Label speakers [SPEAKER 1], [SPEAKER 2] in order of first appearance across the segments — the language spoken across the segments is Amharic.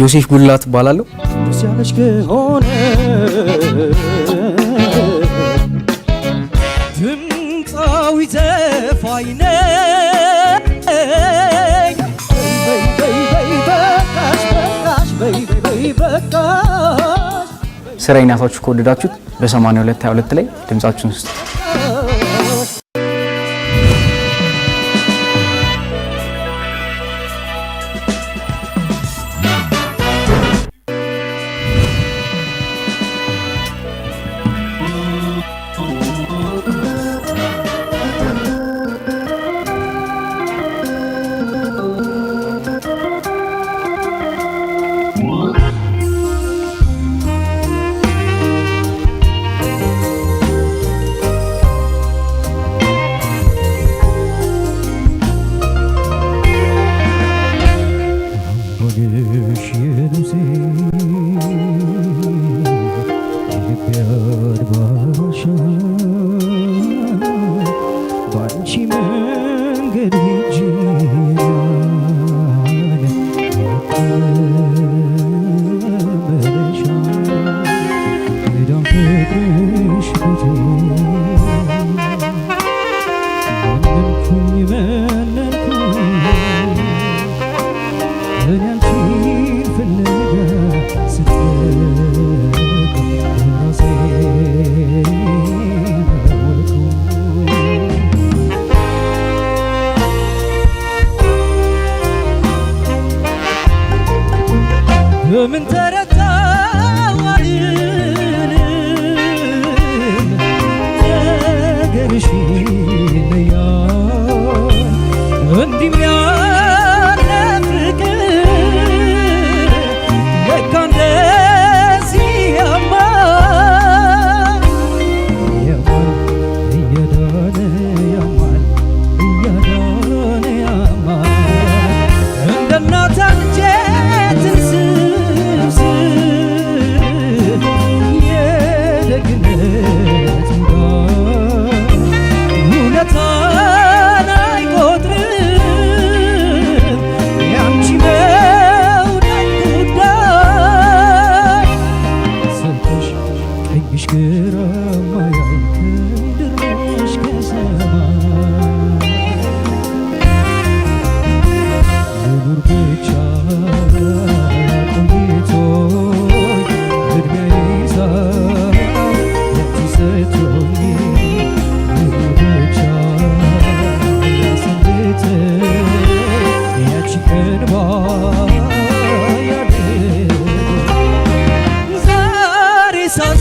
[SPEAKER 1] ዮሴፍ ጉላት ትባላለሁ ያለች ከሆነ ድምፃዊ ዘፋኝ ነኝ። ስራዬን አሳችሁ ከወደዳችሁት በ8222 ላይ ድምፃችሁን ስጡ። 你们。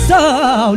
[SPEAKER 1] ሰው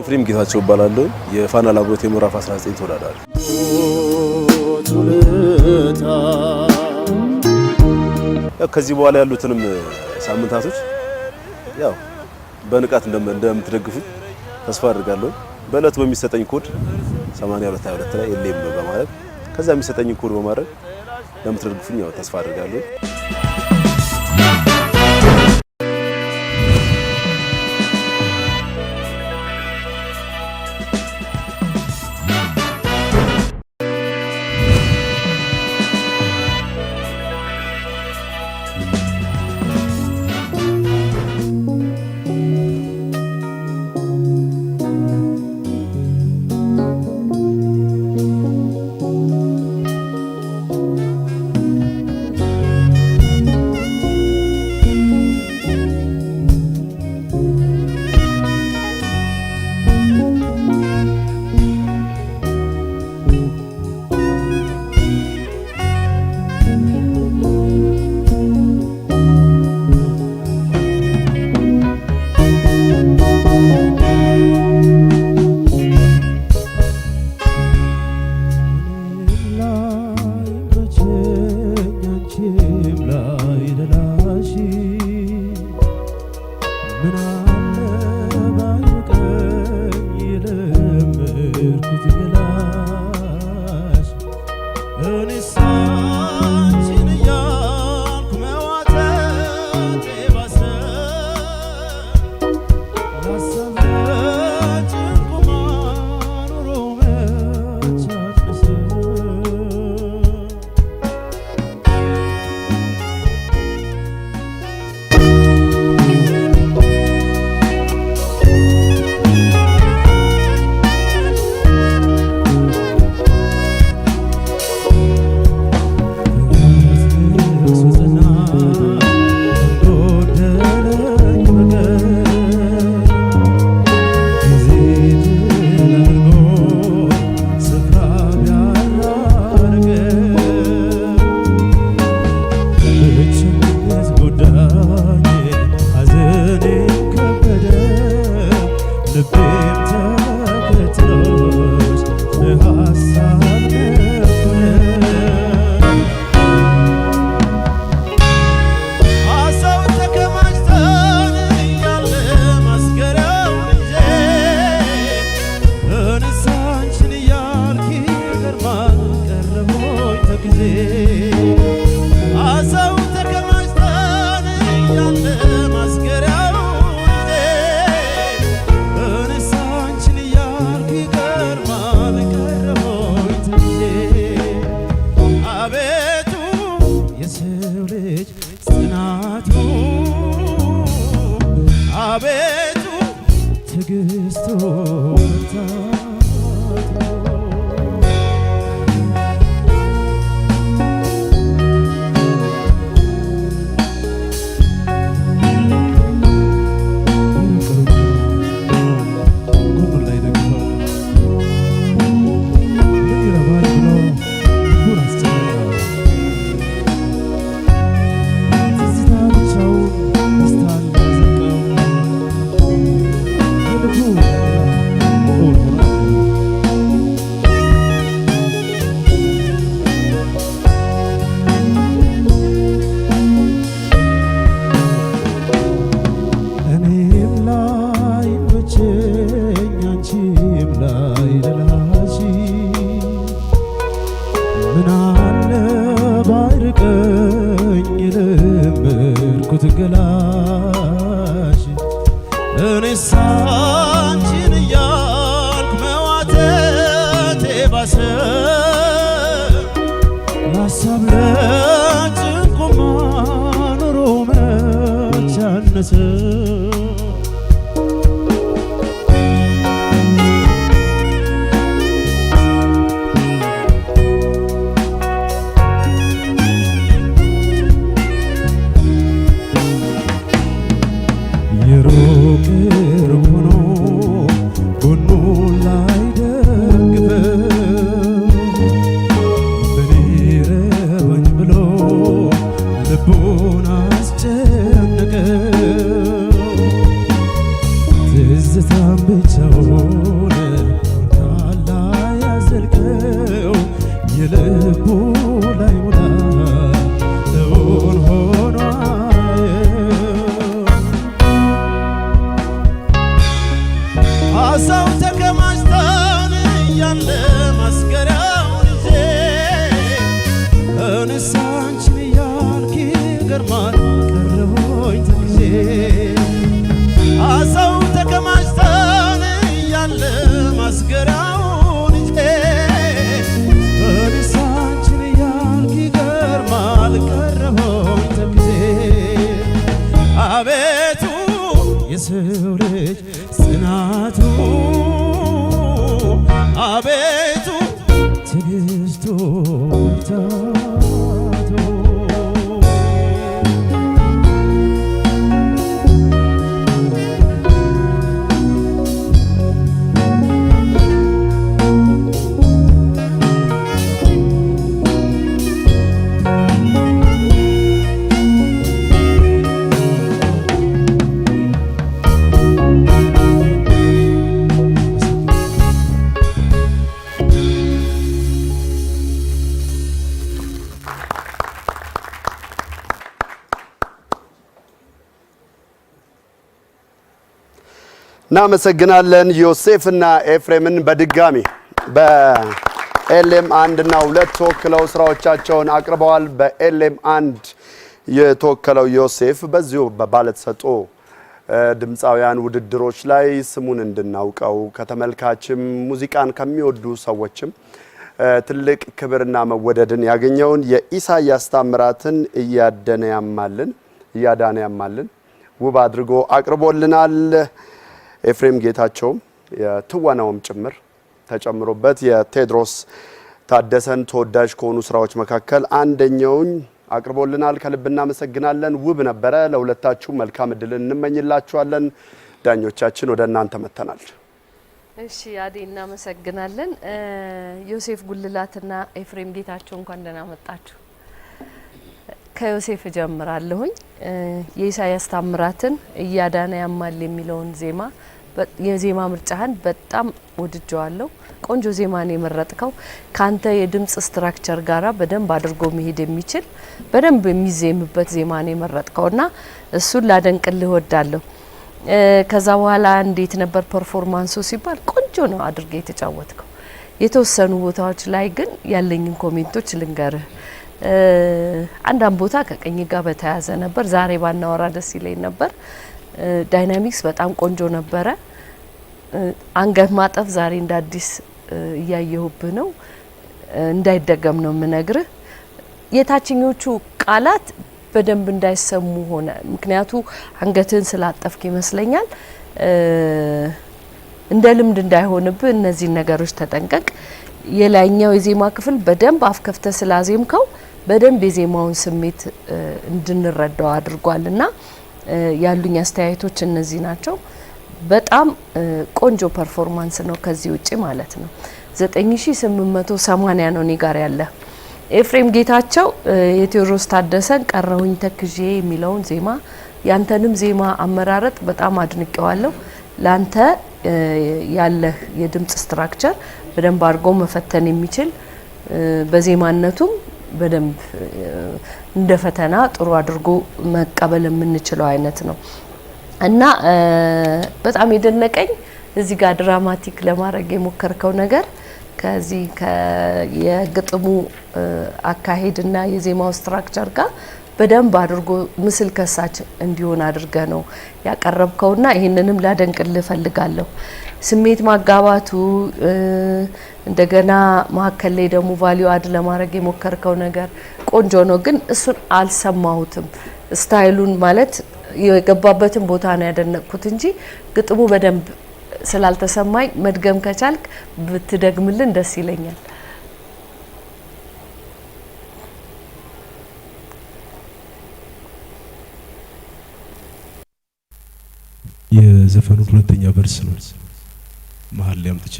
[SPEAKER 1] ኤፍሬም ጌታቸው እባላለሁ። የፋና ላምሮት የምዕራፍ 19 ተወዳዳሪ። ከዚህ በኋላ ያሉትንም ሳምንታቶች ያው በንቃት እንደምትደግፉኝ ተስፋ አድርጋለሁ። በእለቱ በሚሰጠኝ ኮድ 8222 ላይ የለም በማድረግ ከዛ የሚሰጠኝ ኮድ በማድረግ እንደምትደግፉኝ ያው ተስፋ አድርጋለሁ። ጽናቱ አቤቱ ትዕግስቱ ¡Gracias! እናመሰግናለን። ዮሴፍና ኤፍሬምን በድጋሚ በኤልኤም አንድ እና ሁለት ተወክለው ስራዎቻቸውን አቅርበዋል። በኤልኤም አንድ የተወከለው ዮሴፍ በዚሁ በባለተሰጥኦ ድምፃውያን ውድድሮች ላይ ስሙን እንድናውቀው ከተመልካችም ሙዚቃን ከሚወዱ ሰዎችም ትልቅ ክብርና መወደድን ያገኘውን የኢሳያስ ታምራትን እያደነ ያማልን እያዳነ ያማልን ውብ አድርጎ አቅርቦልናል። ኤፍሬም ጌታቸውም የትወናውም ጭምር ተጨምሮበት የቴዎድሮስ ታደሰን ተወዳጅ ከሆኑ ስራዎች መካከል አንደኛውን አቅርቦልናል። ከልብ እናመሰግናለን። ውብ ነበረ። ለሁለታችሁ መልካም እድልን እንመኝላችኋለን። ዳኞቻችን ወደ እናንተ መጥተናል።
[SPEAKER 2] እሺ አዴ እናመሰግናለን። ዮሴፍ ጉልላትና ኤፍሬም ጌታቸው እንኳን ደህና መጣችሁ። ከዮሴፍ እጀምራለሁኝ የኢሳያስ ታምራትን እያዳነ ያማል የሚለውን ዜማ የዜማ ምርጫህን በጣም ወድጀዋለሁ። ቆንጆ ዜማን የመረጥከው ከአንተ የድምጽ ስትራክቸር ጋራ በደንብ አድርጎ መሄድ የሚችል በደንብ የሚዜምበት ዜማን የመረጥከው እና እሱን ላደንቅልህ ወዳለሁ። ከዛ በኋላ እንዴት ነበር ፐርፎርማንሱ ሲባል ቆንጆ ነው አድርገ የተጫወትከው። የተወሰኑ ቦታዎች ላይ ግን ያለኝን ኮሜንቶች ልንገርህ። አንዳንድ ቦታ ከቅኝ ጋር በተያያዘ ነበር። ዛሬ ባናወራ ደስ ይለኝ ነበር። ዳይናሚክስ በጣም ቆንጆ ነበረ። አንገት ማጠፍ ዛሬ እንደ አዲስ እያየሁብህ ነው። እንዳይደገም ነው የምነግርህ። የታችኞቹ ቃላት በደንብ እንዳይሰሙ ሆነ። ምክንያቱ አንገትህን ስላጠፍክ ይመስለኛል። እንደ ልምድ እንዳይሆንብህ እነዚህን ነገሮች ተጠንቀቅ። የላይኛው የዜማ ክፍል በደንብ አፍከፍተ ስላዜምከው በደንብ የዜማውን ስሜት እንድንረዳው አድርጓልና ያሉኝ አስተያየቶች እነዚህ ናቸው። በጣም ቆንጆ ፐርፎርማንስ ነው። ከዚህ ውጪ ማለት ነው 9880 ነው እኔ ጋር ያለ። ኤፍሬም ጌታቸው የቴዎድሮስ ታደሰን ቀረሁኝ ተክዤ የሚለውን ዜማ ያንተንም ዜማ አመራረጥ በጣም አድንቀዋለሁ። ላንተ ያለህ የድምፅ ስትራክቸር በደንብ አድርጎ መፈተን የሚችል በዜማነቱም በደንብ እንደ ፈተና ጥሩ አድርጎ መቀበል የምንችለው አይነት ነው እና በጣም የደነቀኝ እዚህ ጋር ድራማቲክ ለማድረግ የሞከርከው ነገር ከዚህ የግጥሙ አካሄድና የዜማው ስትራክቸር ጋር በደንብ አድርጎ ምስል ከሳች እንዲሆን አድርገ ነው ያቀረብከውና ይህንንም ላደንቅልህ እፈልጋለሁ። ስሜት ማጋባቱ እንደገና መሀከል ላይ ደግሞ ቫሊዩ አድ ለማድረግ የሞከርከው ነገር ቆንጆ ነው፣ ግን እሱን አልሰማሁትም። ስታይሉን ማለት የገባበትን ቦታ ነው ያደነቅኩት እንጂ ግጥሙ በደንብ ስላልተሰማኝ መድገም ከቻልክ ብትደግምልን ደስ ይለኛል።
[SPEAKER 3] የዘፈኑ ሁለተኛ ቨርስ ነው መሀል ላይ አምጥቼ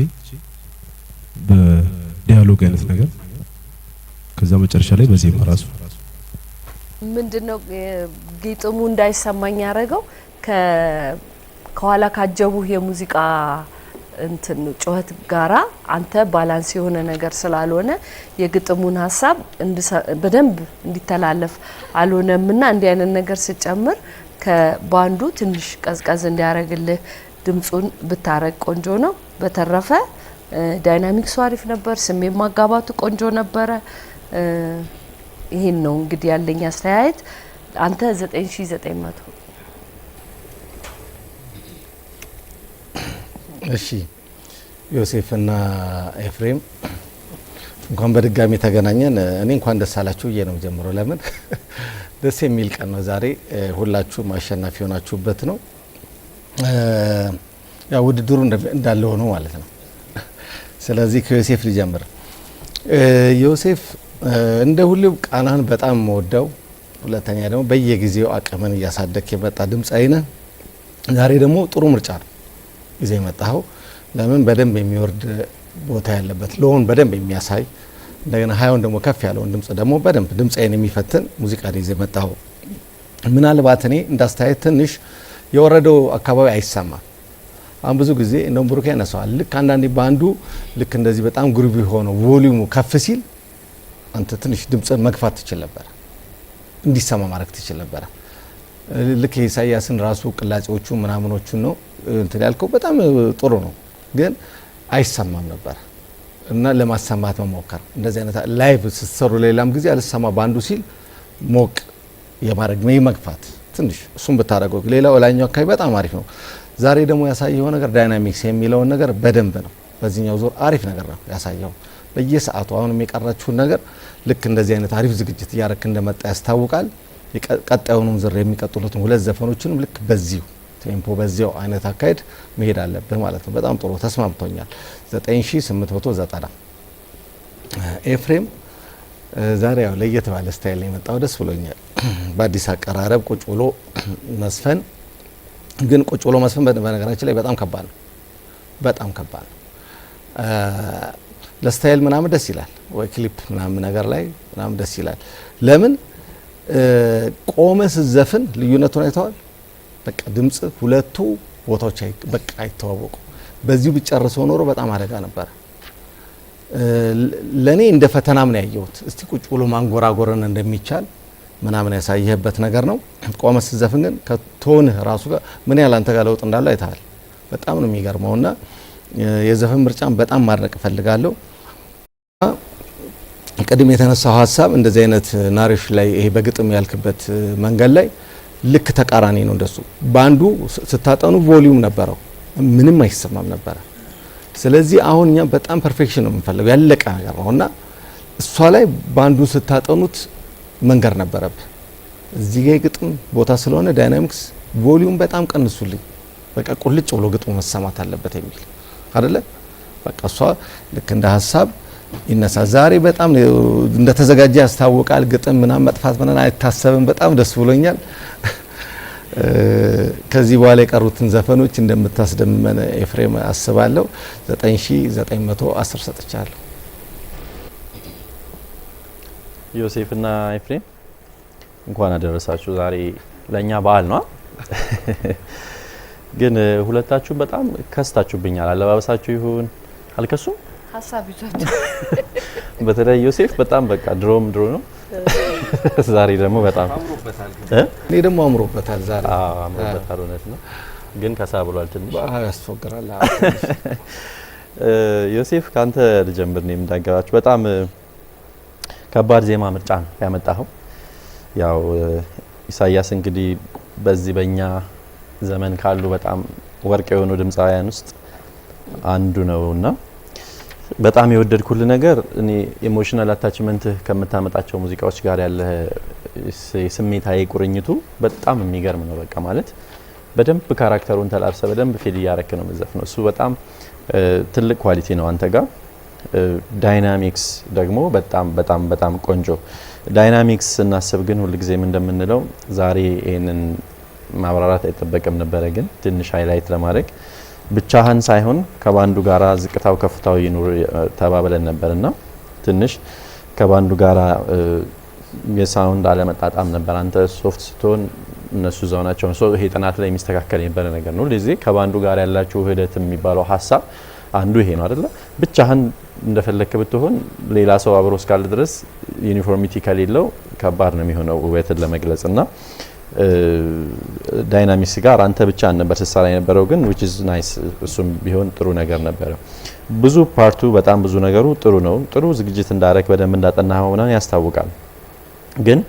[SPEAKER 3] በዲያሎግ አይነት ነገር ከዛ መጨረሻ ላይ በዜማ ራሱ
[SPEAKER 2] ምንድነው ግጥሙ እንዳይሰማኝ ያደረገው ከኋላ ካጀቡህ የሙዚቃ እንትን ጩኸት ጋራ አንተ ባላንስ የሆነ ነገር ስላልሆነ የግጥሙን ሀሳብ በደንብ እንዲተላለፍ አልሆነምና እንዲህ አይነት ነገር ስጨምር ከባንዱ ትንሽ ቀዝቀዝ እንዲያደርግልህ ድምፁን ብታረግ ቆንጆ ነው። በተረፈ ዳይናሚክሱ አሪፍ ነበር። ስሜ ማጋባቱ ቆንጆ ነበረ። ይሄን ነው እንግዲህ ያለኝ አስተያየት። አንተ 9900
[SPEAKER 1] እሺ። ዮሴፍና ኤፍሬም እንኳን በድጋሚ ተገናኘን። እኔ እንኳን ደስ አላችሁ ብዬ ነው ጀምሮ። ለምን ደስ የሚል ቀን ነው ዛሬ። ሁላችሁም አሸናፊ የሆናችሁበት ነው። ያ ውድድሩ እንዳለ ሆኖ ማለት ነው ስለዚህ ከዮሴፍ ልጀምር። ዮሴፍ እንደ ሁሌው ቃናን በጣም ወደው፣ ሁለተኛ ደግሞ በየጊዜው አቅምን እያሳደግ የመጣ ድምፃዊ ነህ። ዛሬ ደግሞ ጥሩ ምርጫ ነው ጊዜ የመጣኸው። ለምን በደንብ የሚወርድ ቦታ ያለበት ለሆን በደንብ የሚያሳይ እንደገና ሀያውን ደግሞ ከፍ ያለውን ድምጽ ደግሞ በደንብ ድምፃዊን የሚፈትን ሙዚቃ ነው ይዘህ ምናልባት እኔ እንዳስተያየት ትንሽ የወረደው አካባቢ አይሰማም አሁን ብዙ ጊዜ እንደውም ብሩክ ያነሳዋል። ልክ አንዳንዴ በአንዱ ልክ እንደዚህ በጣም ግሩቢ ሆኖ ቮሊዩሙ ከፍ ሲል አንተ ትንሽ ድምፅ መግፋት ትችል ነበረ፣ እንዲሰማ ማድረግ ትችል ነበረ። ልክ የኢሳያስን ራሱ ቅላጼዎቹ ምናምኖቹን ነው እንትን ያልከው፣ በጣም ጥሩ ነው፣ ግን አይሰማም ነበረ እና ለማሰማት መሞከር እንደዚህ አይነት ላይቭ ስትሰሩ ሌላም ጊዜ አልሰማ በአንዱ ሲል ሞቅ የማድረግ መግፋት ትንሽ እሱም ብታደረገው ሌላው ላይኛው አካባቢ በጣም አሪፍ ነው። ዛሬ ደግሞ ያሳየው ነገር ዳይናሚክስ የሚለውን ነገር በደንብ ነው። በዚህኛው ዙር አሪፍ ነገር ነው ያሳየው። በየሰዓቱ አሁን የሚቀራችሁን ነገር ልክ እንደዚህ አይነት አሪፍ ዝግጅት እያረክ እንደመጣ ያስታውቃል። ቀጣዩንም ዝር የሚቀጥሉትን ሁለት ዘፈኖችንም ልክ በዚሁ ቴምፖ በዚያው አይነት አካሄድ መሄድ አለብህ ማለት ነው። በጣም ጥሩ ተስማምቶኛል። 9890 ኤፍሬም ዛሬ ያው ለየት ባለ ስታይል የመጣው ደስ ብሎኛል። በአዲስ አቀራረብ ቁጭ ብሎ መስፈን ግን ቁጭ ብሎ መስፈን በነገራችን ላይ በጣም ከባድ ነው። በጣም ከባድ ነው። ለስታይል ምናምን ደስ ይላል ወይ ክሊፕ ምናምን ነገር ላይ ምናምን ደስ ይላል። ለምን ቆመ ስዘፍን ልዩነቱን አይተዋል። በቃ ድምጽ ሁለቱ ቦታዎች በቃ አይተዋወቁ። በዚሁ ቢጨርሰው ኖሮ በጣም አደጋ ነበረ። ለእኔ እንደ ፈተናም ነው ያየሁት። እስቲ ቁጭ ብሎ ማንጎራጎረን እንደሚቻል ምናምን ያሳየህበት ነገር ነው። ቆመ ስትዘፍን ግን ከቶንህ ራሱ ጋር ምን ያህል አንተ ጋር ለውጥ እንዳለው አይተሃል። በጣም ነው የሚገርመው ና የዘፈን ምርጫን በጣም ማድነቅ እፈልጋለሁ። ቅድም የተነሳው ሀሳብ እንደዚህ አይነት ናሪሽ ላይ ይሄ በግጥም ያልክበት መንገድ ላይ ልክ ተቃራኒ ነው። እንደሱ በአንዱ ስታጠኑ ቮሊዩም ነበረው፣ ምንም አይሰማም ነበረ። ስለዚህ አሁን እኛ በጣም ፐርፌክሽን ነው የምንፈልገው ያለቀ ነገር ነው እና እሷ ላይ በአንዱ ስታጠኑት መንገር ነበረብ እዚህ ጋ ግጥም ቦታ ስለሆነ ዳይናሚክስ ቮሊዩም በጣም ቀንሱልኝ፣ በቃ ቁልጭ ብሎ ግጥሙ መሰማት አለበት የሚል አደለ። በቃ እሷ ልክ እንደ ሀሳብ ይነሳ። ዛሬ በጣም እንደተዘጋጀ ያስታውቃል። ግጥም ምናም መጥፋት ምናን አይታሰብም። በጣም ደስ ብሎኛል። ከዚህ በኋላ የቀሩትን ዘፈኖች እንደምታስደምመን ኤፍሬም አስባለሁ። 9910 ሰጥቻለሁ።
[SPEAKER 4] ዮሴፍ እና ኤፍሬም እንኳን አደረሳችሁ። ዛሬ ለእኛ በዓል ነው፣ ግን ሁለታችሁ በጣም ከስታችሁብኛል። አለባበሳችሁ ይሁን አልከሱም፣
[SPEAKER 2] ሀሳብ ይዟችሁ።
[SPEAKER 4] በተለይ ዮሴፍ በጣም በቃ ድሮም ድሮ ነው፣ ዛሬ ደግሞ በጣም
[SPEAKER 1] እኔ ደግሞ አምሮበታል። ዛሬ አምሮበታል፣
[SPEAKER 4] እውነት ነው፣ ግን ከሳ ብሏል ትንሽ ያስፈግራል ዮሴፍ ከአንተ ልጀምር። ነው የምዳገባችሁ በጣም ከባድ ዜማ ምርጫ ነው ያመጣኸው። ያው ኢሳያስ እንግዲህ በዚህ በእኛ ዘመን ካሉ በጣም ወርቅ የሆኑ ድምፃውያን ውስጥ አንዱ ነው እና በጣም የወደድኩል ነገር እኔ ኢሞሽናል አታችመንት ከምታመጣቸው ሙዚቃዎች ጋር ያለ ስሜታዊ ቁርኝቱ በጣም የሚገርም ነው። በቃ ማለት በደንብ ካራክተሩን ተላብሰ በደንብ ፊል እያረክ ነው ምዘፍ ነው። እሱ በጣም ትልቅ ኳሊቲ ነው አንተ ጋር ዳይናሚክስ ደግሞ በጣም በጣም በጣም ቆንጆ ዳይናሚክስ ስናስብ ግን ሁልጊዜም እንደምንለው ዛሬ ይህንን ማብራራት አይጠበቅም ነበረ፣ ግን ትንሽ ሃይላይት ለማድረግ ብቻህን ሳይሆን ከባንዱ ጋራ ዝቅታው ከፍታው ይኑር ተባብለን ነበር ትንሽ ከባንዱ ጋራ የሳውንድ አለመጣጣም ነበር። አንተ ሶፍት ስትሆን እነሱ እዛው ናቸው። ይሄ ጥናት ላይ የሚስተካከል የነበረ ነገር ነው። ሁልጊዜ ከባንዱ ጋር ያላችሁ ውህደት የሚባለው ሀሳብ አንዱ ይሄ ነው አይደለ? ብቻህን እንደፈለክ ብትሆን ሌላ ሰው አብሮ እስካለ ድረስ ዩኒፎርሚቲ ከሌለው ከባድ ነው የሚሆነው ውበትን ለመግለጽ እና ዳይናሚክስ ጋር አንተ ብቻ ነበር ስትሰራ የነበረው ግን ዊች ኢዝ ናይስ። እሱም ቢሆን ጥሩ ነገር ነበረ። ብዙ ፓርቱ በጣም ብዙ ነገሩ ጥሩ ነው። ጥሩ ዝግጅት እንዳረክ በደንብ እንዳጠና ሆነን ያስታውቃል። ግን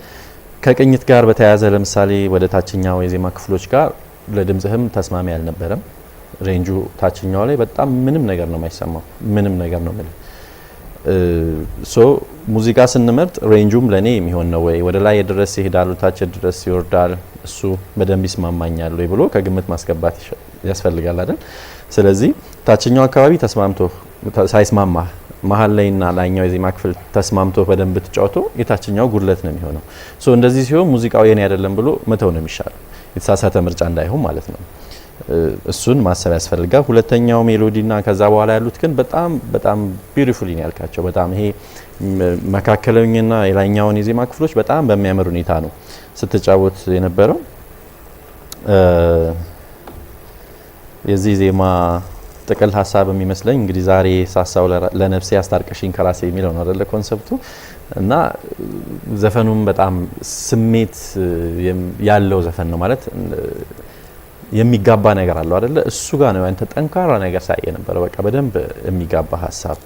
[SPEAKER 4] ከቅኝት ጋር በተያያዘ ለምሳሌ ወደ ታችኛው የዜማ ክፍሎች ጋር ለድምጽህም ተስማሚ አልነበረም። ሬንጁ ታችኛው ላይ በጣም ምንም ነገር ነው የማይሰማው። ምንም ነገር ነው የምልህ። ሶ ሙዚቃ ስንመርጥ ሬንጁም ለእኔ የሚሆን ነው ወይ ወደ ላይ ድረስ ይሄዳሉ፣ ታች ድረስ ይወርዳል፣ እሱ በደንብ ይስማማኛል ወይ ብሎ ከግምት ማስገባት ያስፈልጋል አይደል? ስለዚህ ታችኛው አካባቢ ተስማምቶ ሳይስማማ መሀል ላይና ላይኛው የዜማ ክፍል ተስማምቶ በደንብ ብትጫወቶ የታችኛው ጉድለት ነው የሚሆነው። ሶ እንደዚህ ሲሆን ሙዚቃው የኔ አይደለም ብሎ መተው ነው የሚሻለው፣ የተሳሳተ ምርጫ እንዳይሆን ማለት ነው። እሱን ማሰብ ያስፈልጋል። ሁለተኛው ሜሎዲና ከዛ በኋላ ያሉት ግን በጣም በጣም ቢዩቲፉሊ ያልካቸው። በጣም ይሄ መካከለኛና የላይኛውን የዜማ ክፍሎች በጣም በሚያምር ሁኔታ ነው ስትጫወት የነበረው። የዚህ ዜማ ጥቅል ሀሳብ የሚመስለኝ እንግዲህ ዛሬ ሳሳው ለነፍሴ አስታርቀሽኝ ከራሴ የሚለው ነው አደለ ኮንሰፕቱ። እና ዘፈኑም በጣም ስሜት ያለው ዘፈን ነው ማለት የሚጋባ ነገር አለው አደለ? እሱ ጋር ነው ያንተ ጠንካራ ነገር ሳየ ነበረ። በቃ በደንብ የሚጋባ ሀሳብ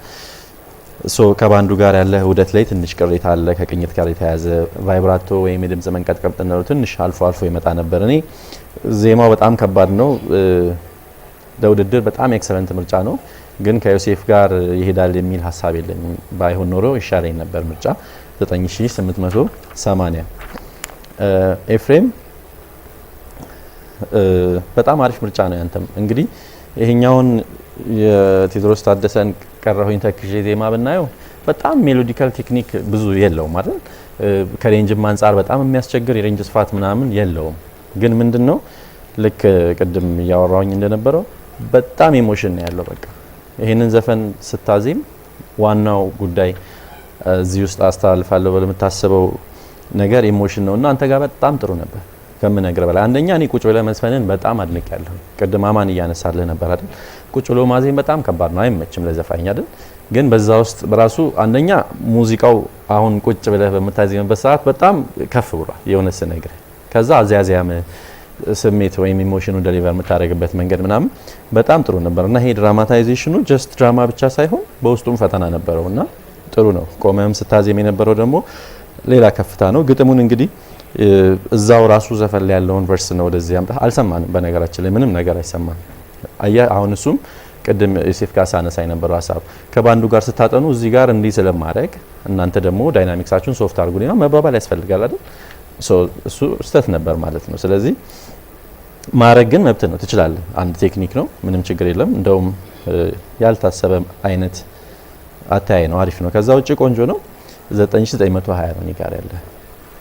[SPEAKER 4] ሶ ከባንዱ ጋር ያለ ውህደት ላይ ትንሽ ቅሬታ አለ፣ ከቅኝት ጋር የተያዘ ቫይብራቶ ወይም የድምጽ መንቀጥቀጥ ነው ትንሽ አልፎ አልፎ ይመጣ ነበር። እኔ ዜማው በጣም ከባድ ነው፣ ለውድድር በጣም ኤክሰለንት ምርጫ ነው፣ ግን ከዮሴፍ ጋር ይሄዳል የሚል ሀሳብ የለኝም። ባይሆን ኖሮ ይሻለኝ ነበር ምርጫ 9880 ኤፍሬም በጣም አሪፍ ምርጫ ነው ያንተም። እንግዲህ ይሄኛውን የቴዎድሮስ ታደሰን ቀረሁኝ ተክዤ ዜማ ብናየው በጣም ሜሎዲካል ቴክኒክ ብዙ የለውም አይደል? ከሬንጅም አንጻር በጣም የሚያስቸግር የሬንጅ ስፋት ምናምን የለውም። ግን ምንድን ነው ልክ ቅድም እያወራሁኝ እንደነበረው በጣም ኢሞሽን ነው ያለው። በቃ ይህንን ዘፈን ስታዜም ዋናው ጉዳይ እዚህ ውስጥ አስተላልፋለሁ ብለህ የምታስበው ነገር ኢሞሽን ነው እና አንተ ጋር በጣም ጥሩ ነበር። ከምነግር በላይ አንደኛ እኔ ቁጭ ብለህ መዝፈንን በጣም አድንቅ ያለሁ ቅድም አማን እያነሳልህ ነበር አይደል? ቁጭ ብሎ ማዜም በጣም ከባድ ነው፣ አይመችም ለዘፋኝ አይደል? ግን በዛ ውስጥ በራሱ አንደኛ ሙዚቃው አሁን ቁጭ ብለህ በምታዜምበት ሰዓት በጣም ከፍ ብሏል የሆነ ስነግር ከዛ አዘያዘያም ስሜት ወይም ኢሞሽኑ ደሊቨር የምታደርግበት መንገድ ምናምን በጣም ጥሩ ነበር እና ይሄ ድራማታይዜሽኑ ጀስት ድራማ ብቻ ሳይሆን በውስጡም ፈተና ነበረው እና ጥሩ ነው። ቆመም ስታዜም የነበረው ደግሞ ሌላ ከፍታ ነው። ግጥሙን እንግዲህ እዛው ራሱ ዘፈን ላይ ያለውን ቨርስ ነው ወደዚህ ያምጣ። አልሰማንም፣ በነገራችን ላይ ምንም ነገር አይሰማን አያ አሁን እሱም ቅድም ዮሴፍ ጋር ሳነሳ የነበረው ሀሳብ ከባንዱ ጋር ስታጠኑ እዚህ ጋር እንዲህ ስለማድረግ እናንተ ደግሞ ዳይናሚክሳችሁን ሶፍት አድርጉና መባባል ያስፈልጋል አይደል? እሱ ስህተት ነበር ማለት ነው። ስለዚህ ማድረግ ግን መብት ነው፣ ትችላለህ። አንድ ቴክኒክ ነው፣ ምንም ችግር የለም። እንደውም ያልታሰበ አይነት አተያይ ነው፣ አሪፍ ነው። ከዛ ውጭ ቆንጆ ነው። 9920 ነው እኔ ጋር ያለ